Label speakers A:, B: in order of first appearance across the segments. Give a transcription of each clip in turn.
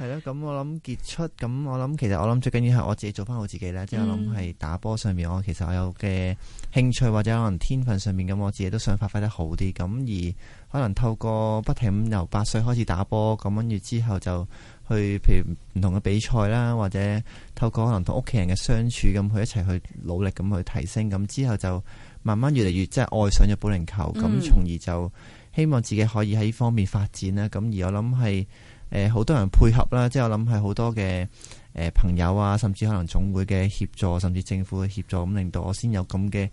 A: 係咯，咁我諗結束，咁我諗其實我諗
B: 最緊要係我自己做翻好自己啦。即係我諗係打波上面，我其實我有嘅興趣或者可能天分上面，咁，我自己都想發揮得好啲。咁而可能透過不停由八歲開始打波咁，跟住之後就去，譬如唔同嘅比賽啦，或者透過可能同屋企人嘅相處咁去一齊去努力咁去提升。咁之後就慢慢越嚟越即係愛上咗保齡球，咁從而就希望自己可以喺呢方面發展啦。咁而我諗係。誒，好、呃、多人配合啦，即係我諗係好多嘅，誒、呃、朋友啊，甚至可能總會嘅協助，甚至政府嘅協助，咁令到我先有咁嘅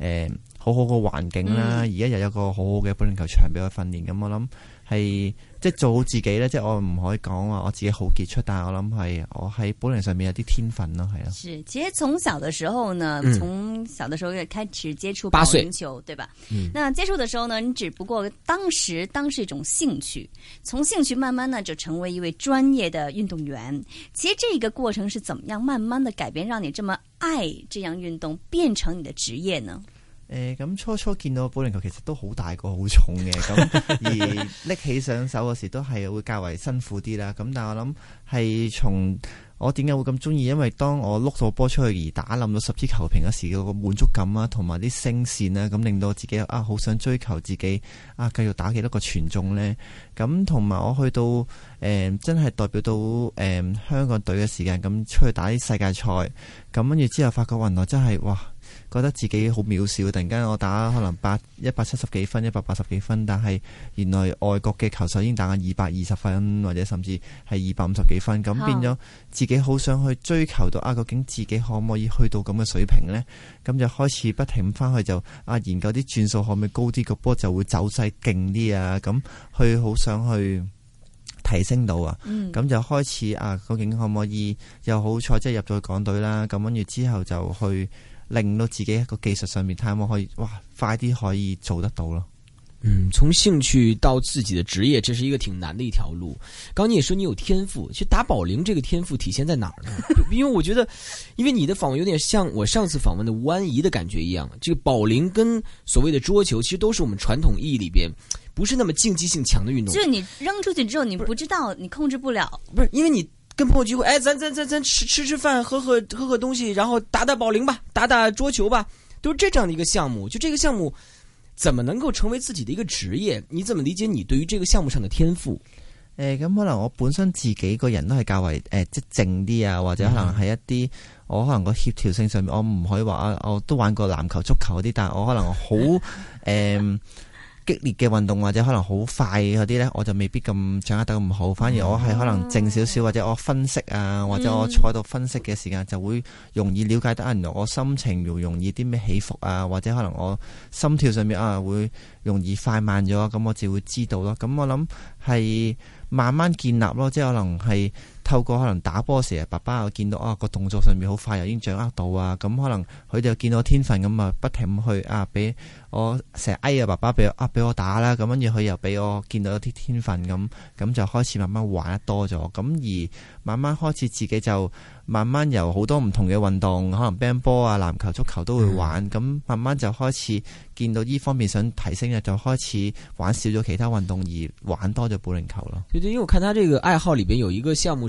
B: 誒好好嘅環境啦、啊。而家，嗯，又有一個好好嘅保齡球場俾我訓練，咁我諗係即係做好自己咧。即係我唔可以講話我自己好傑出，但係我諗係我喺保齡上面有啲天分咯，係啊。其實
C: 從小嘅時候呢，從、嗯。小的時候又開始接觸保齡球，八歲。對吧？嗯，那接觸的時候呢，你只不過當時當時是一種興趣，從興趣慢慢呢就成為一位專業的運動員。其實這個過程是怎麼樣慢慢的改變，讓你這麼愛這樣運動，變成你的職業呢？誒、
B: 呃，咁初初見到保齡球其實都好大個很的，好重嘅，咁而拎起上手嗰時候都係會較為辛苦啲啦。咁但係我諗係從。我點解會咁鍾意？因為當我碌到波出去而打冧到十支球瓶嘅時，個滿足感啊，同埋啲聲線啊，咁令到我自己啊，好想追求自己啊，繼續打幾多個全中呢。咁同埋我去到誒、呃、真係代表到誒、呃、香港隊嘅時間，咁出去打啲世界賽，咁跟住之後發覺原來真係哇！覺得自己好渺小，突然間我打可能百一百七十幾分、一百八十幾分，但係原來外國嘅球手已經打緊二百二十分或者甚至係二百五十幾分，咁變咗自己好想去追求到、oh. 啊！究竟自己可唔可以去到咁嘅水平呢？咁就開始不停翻去就啊，研究啲轉數可唔可以高啲，個波就會走勢勁啲啊！咁佢好想去提升到啊，咁、mm. 就開始啊，究竟可唔可以又？又好彩即係入咗港隊啦，咁跟住之後就去。令到自己一個技術上面，睇有冇可以，哇，
A: 快啲可以做得到咯。嗯，從興趣到自己的職業，這是一個挺難的一條路。剛你也說你有天賦，其實打保齡這個天賦體現在哪兒呢？ 因為我覺得，因為你的訪問有點像我上次訪問的吳安儀的感覺一樣。這個保齡跟所謂的桌球，其實都是我們傳統意義裏邊，不是那麼競技性強的運動。就是
C: 你扔出去之後，你不知道，你控制不了，不
A: 是因為你。跟朋友聚會，哎，咱咱咱咱吃吃吃飯，喝喝喝喝東西，然後打打保齡吧，打打桌球吧，都是這樣的一個項目。就這個項目，怎麼能夠成為自己的一個職業？你怎麼理解你對於這個項目上的天賦？誒、呃，咁、嗯、可能我本身自己個人都係較為誒即靜啲啊，或者可能係
B: 一啲，嗯、我可能個協調性上面，我唔可以話啊，我都玩過籃球、足球啲，但係我可能我好誒。嗯呃激烈嘅運動或者可能好快嗰啲呢，我就未必咁掌握得咁好。反而我係可能靜少少，嗯、或者我分析啊，或者我坐喺度分析嘅時間，嗯、就會容易了解得啱。我心情容易啲咩起伏啊，或者可能我心跳上面啊會容易快慢咗，咁我就會知道咯。咁我諗係慢慢建立咯，即係可能係。透過可能打波時啊，爸爸又見到啊，個動作上面好快，又已經掌握到啊。咁可能佢哋又見到天分咁啊，不停去啊俾我成日啊，啊爸爸俾啊俾我打啦。咁跟住佢又俾我見到一啲天分咁，咁就開始慢慢玩得多咗。咁而慢慢開始自己就慢慢由好多唔同嘅運動，可能乒乓波啊、籃球、足球都會玩。咁、mm. 慢慢就開始見到呢方面想提升啊，就開始玩少咗其他運動，而玩多咗保齡
A: 球咯。因為我看他這個愛好裏邊有一個項目。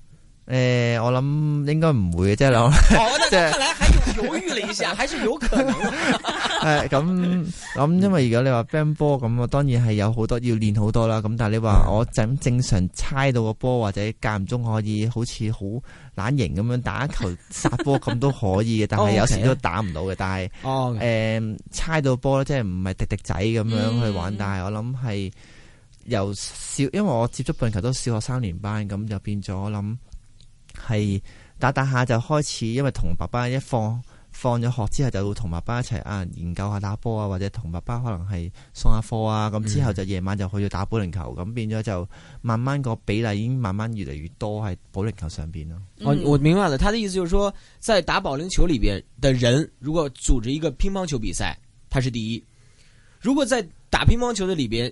A: 誒、呃，我諗應該唔會嘅啫啦，即、就、係、是，好啊、哦！即係看來還猶豫了一下， 還是有可
B: 能。誒、 嗯，咁、嗯、咁，因為如果你話 band 波咁，我當然係有好多要練好多啦。咁但係你話我整正，正常猜到個波，或者間唔中可以好似好懶型咁樣打球殺波咁都可以嘅。但係有時都打唔到嘅。但係，哦 Okay.、嗯，誒，猜到波即係唔係滴滴仔咁樣去玩。嗯、但係我諗係由小，因為我接觸半球都小學三年班，咁就變咗我諗。係打打下就開始，因為同爸爸一放放咗學之後，就會同爸爸一齊啊研究下打波啊，或者同爸爸可能係送下課啊。咁之後就夜晚就去打保齡球，咁變咗就慢慢個比例已經
A: 慢慢越嚟越多喺保齡球上邊咯。我、嗯哦、我明白了，他的意思就是說，在打保齡球裏邊的人，如果組織一個乒乓球比賽，他是第一；如果在打乒乓球的裏邊。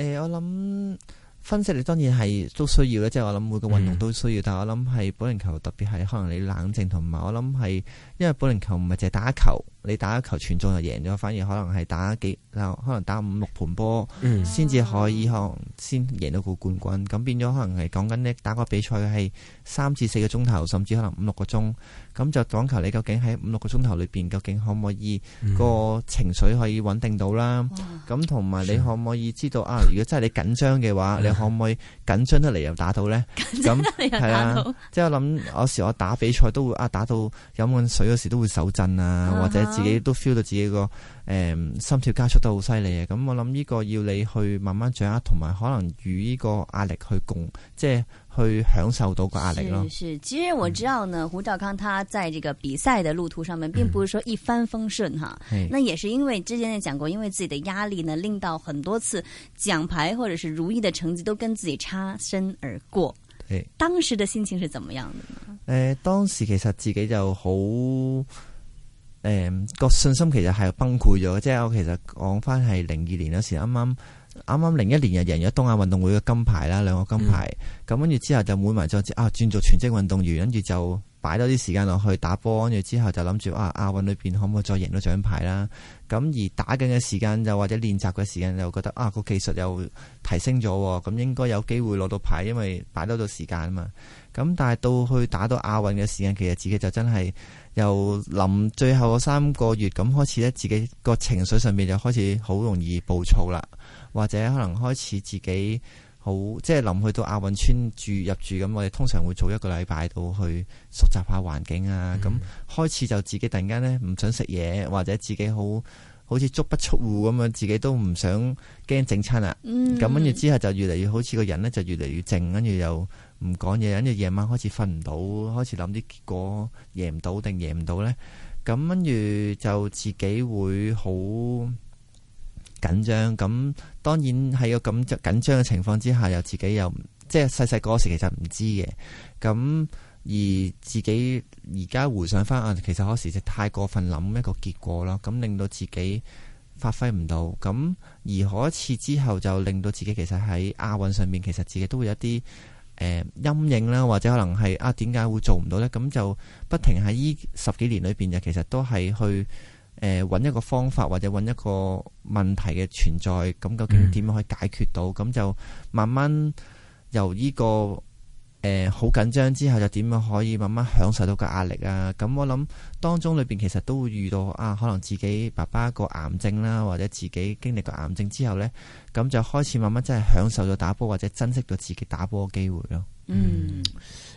B: 誒，我諗分析力當然係都需要啦，即係我諗每個運動都需要，嗯、但係我諗係保齡球特別係可能你冷靜同埋，我諗係因為保齡球唔係淨係打球。你打一球全中就贏咗，反而可能係打幾，可能打五六盤波先至可以可能先贏到個冠軍，咁變咗可能係講緊咧，打個比賽係三至四個鐘頭，甚至可能五六個鐘，咁就講求，你究竟喺五六個鐘頭裏邊究竟可唔可以個情緒可以穩定到啦？咁同埋你可唔可以知道哇啊？如果真係你緊張嘅話，嗯、你可唔可以緊張得嚟又打到咧？咁，係那 啊，即、就、係、是、我諗有時我打比賽都會啊，打到飲碗水嗰時都會手震啊，啊或者。自己都 feel 到自己個誒、嗯、心跳加速都好犀利啊！咁我諗呢個要你去慢慢掌握，同埋可能與呢個壓力去共，即係去享受到個壓力咯。其
C: 實我知道呢，嗯、胡兆康他在這個比賽的路途上面，並不是說一帆風順哈。嗯、那也是因為之前也講過，因為自己的壓力呢，令到很多次獎牌或者是如意的成績都跟自己擦身而過。是，當時的心情是怎麼樣的呢？
B: 呃，當時其實自己就好。誒，個、嗯、信心其實係崩潰咗，即係我其實講翻係零二年嗰時，啱啱啱啱零一年又贏咗東亞運動會嘅金牌啦，兩個金牌，咁跟住之後就換埋做啊，轉做全職運動員，跟住就。擺多啲時間落去打波，跟住之後就諗住啊，亞運裏邊可唔可以再贏到獎牌啦？咁而打緊嘅時間又或者練習嘅時間又覺得啊，個技術又提升咗，咁應該有機會攞到牌，因為擺多咗時間啊嘛。咁但係到去打到亞運嘅時間，其實自己就真係由臨最後嘅三個月咁開始咧，自己個情緒上面就開始好容易暴躁啦，或者可能開始自己。好即係諗去到亞運村住入住咁，我哋通常會早一個禮拜到去熟習下環境啊。咁、嗯、開始就自己突然間咧唔想食嘢，或者自己好好似足不出戶咁樣，自己都唔想驚整親啊。咁跟住之後就越嚟越好似個人咧就越嚟越靜，跟住又唔講嘢，跟住夜晚開始瞓唔到，開始諗啲結果贏唔到定贏唔到咧。咁跟住就自己會好。緊張，咁當然喺個咁緊張嘅情況之下，又自己又即係細細個時,時其實唔知嘅，咁而自己而家回想返啊，其實嗰時就太過分諗一個結果啦，咁令到自己發揮唔到，咁而嗰一次之後就令到自己其實喺亞運上面，其實自己都會有一啲誒、呃、陰影啦，或者可能係啊點解會做唔到呢？咁就不停喺呢十幾年裏邊，就其實都係去。誒，揾、呃、一個方法或者揾一個問題嘅存在，咁究竟點樣可以解決到？咁、嗯、就慢慢由呢、這個誒好、呃、緊張之後，又點樣可以慢慢享受到個壓力啊？咁我諗當中裏邊其實都會遇到啊，可能自己爸爸個癌症啦，或者自己經歷過癌症之後呢，咁就開始
A: 慢慢真係享受到打波，或者珍惜到自己打波嘅機會咯。嗯。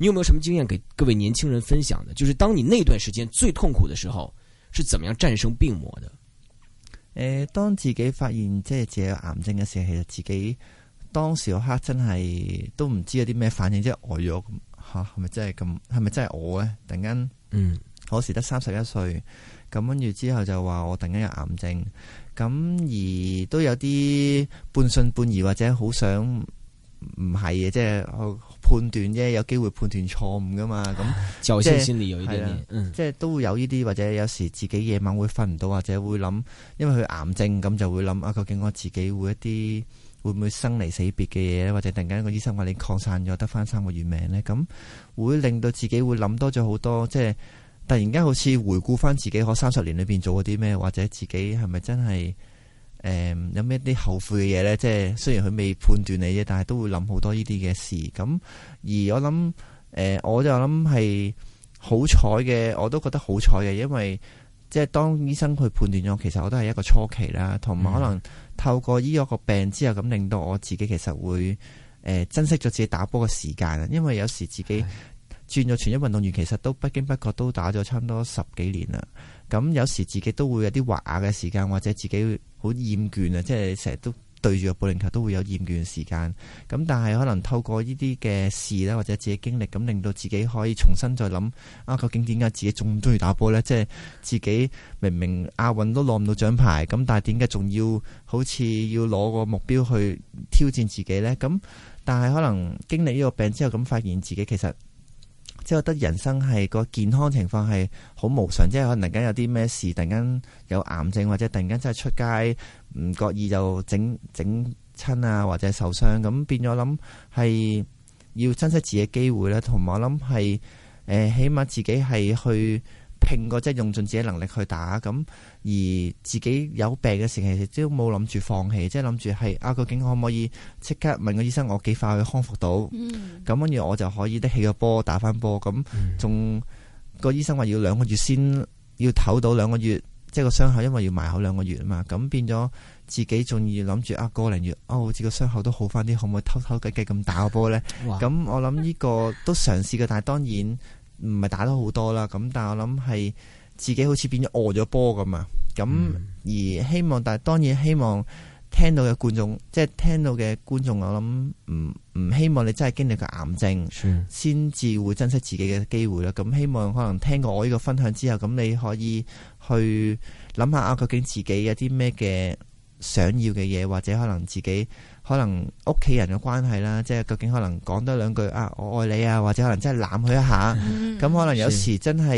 A: 你有冇有什麼經驗給各位年輕人分享呢？就是當你那段時間最痛苦的時候，是怎麼樣戰勝病魔的？誒、呃，當自己發現即係自己有癌症嘅時候，其實自己
B: 當時嗰刻真係都唔知道有啲咩反應，即係、呃啊、呆咗咁吓，係咪真係咁？係咪真係我咧？突然間，嗯，我時得三十一歲，咁跟住之後就話我突然間有癌症，咁而都有啲半信半疑或者好想唔係嘅，即係。判斷啫，有機會判斷錯誤噶嘛？咁、啊、即係是先嚟有呢啲的、嗯、即係都會有呢啲，或者有時自己夜晚會瞓唔到，或者會諗，因為佢癌症咁就會諗啊，究竟我自己會一啲會唔會生離死別嘅嘢咧？或者突然間個醫生話你擴散咗，得翻三個月命咧，咁會令到自己會諗多咗好多，即係突然間好似回顧翻自己嗰三十年裏邊做過啲咩，或者自己係咪真係？誒，有咩啲後悔嘅嘢呢？即係雖然佢未判斷你啫，但係都會諗好多呢啲嘅事。咁而我諗，誒，我就諗係好彩嘅，我都覺得好彩嘅，因為即係當醫生去判斷咗，其實我都係一個初期啦，同埋可能透過醫個病之後，咁令到我自己其實會誒珍惜咗自己打波嘅時間啊，因為有時自己。轉咗全職運動員，其實都不經不覺都打咗差唔多十幾年啦。咁有時自己都會有啲滑牙嘅時間，或者自己好厭倦啊，即係成日都對住個保齡球都會有厭倦嘅時間。咁但係可能透過呢啲嘅事咧，或者自己經歷，咁令到自己可以重新再諗啊，究竟點解自己仲中意打波呢？即係自己明明亞運都攞唔到獎牌，咁但係點解仲要好似要攞個目標去挑戰自己呢？咁但係可能經歷呢個病之後，咁發現自己其實。即係我覺得人生係個健康情況係好無常，即係可能突然間有啲咩事，突然間有癌症或者突然間真係出街唔覺意就整整親啊，或者受傷，咁變咗諗係要珍惜自己嘅機會啦，同埋我諗係誒起碼自己係去。拼過，即係用盡自己能力去打咁，而自己有病嘅時期其實都冇諗住放棄，即係諗住係啊，究竟可唔可以即刻問個醫生我幾快去康復到？咁跟住我就可以拎起個波打翻波咁。仲、嗯、個醫生話要兩個月先，要唞到兩個月，即係個傷口因為要埋口兩個月啊嘛。咁變咗自己仲要諗住啊個零月哦，好似個傷口都好翻啲，可唔可以偷偷雞雞咁打個波咧？咁哇我諗呢個都嘗試過， 但係當然。唔係打得好多啦，咁但係我諗係自己好似變咗餓咗波咁啊！咁、嗯、而希望，但係當然希望聽到嘅觀眾，即係聽到嘅觀眾，我諗唔唔希望你真係經歷過癌症，先至、嗯、會珍惜自己嘅機會啦。咁希望可能聽過我呢個分享之後，咁你可以去諗下啊究竟自己有啲咩嘅。想要嘅嘢，或者可能自己，可能屋企人嘅關係啦，即係究竟可能講多兩句啊，我愛你啊，或者可能真係攬佢一下，咁 可能有時真係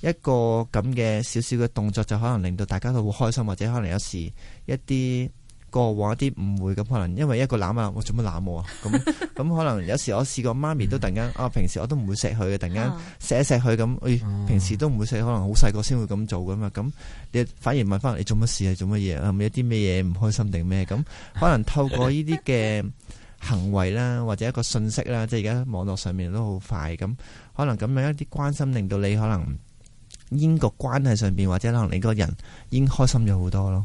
B: 一個咁嘅少少嘅動作，就可能令到大家都會開心，或者可能有時一啲。過往一啲誤會咁，可能因為一個攬啊，我做乜攬我啊？咁咁可能有時我試過媽咪都突然間，啊平時我都唔會錫佢嘅，突然間錫一錫佢咁，平時都唔會錫，可能好細個先會咁做噶嘛。咁你反而問翻你做乜事啊？做乜嘢啊？有啲咩嘢唔開心定咩？咁可能透過呢啲嘅行為啦，或者一個信息啦，即係而家網絡上面都好快咁，可能咁樣一啲關心令到你可能英國關係上邊或者可能你個人已經開心咗好多咯。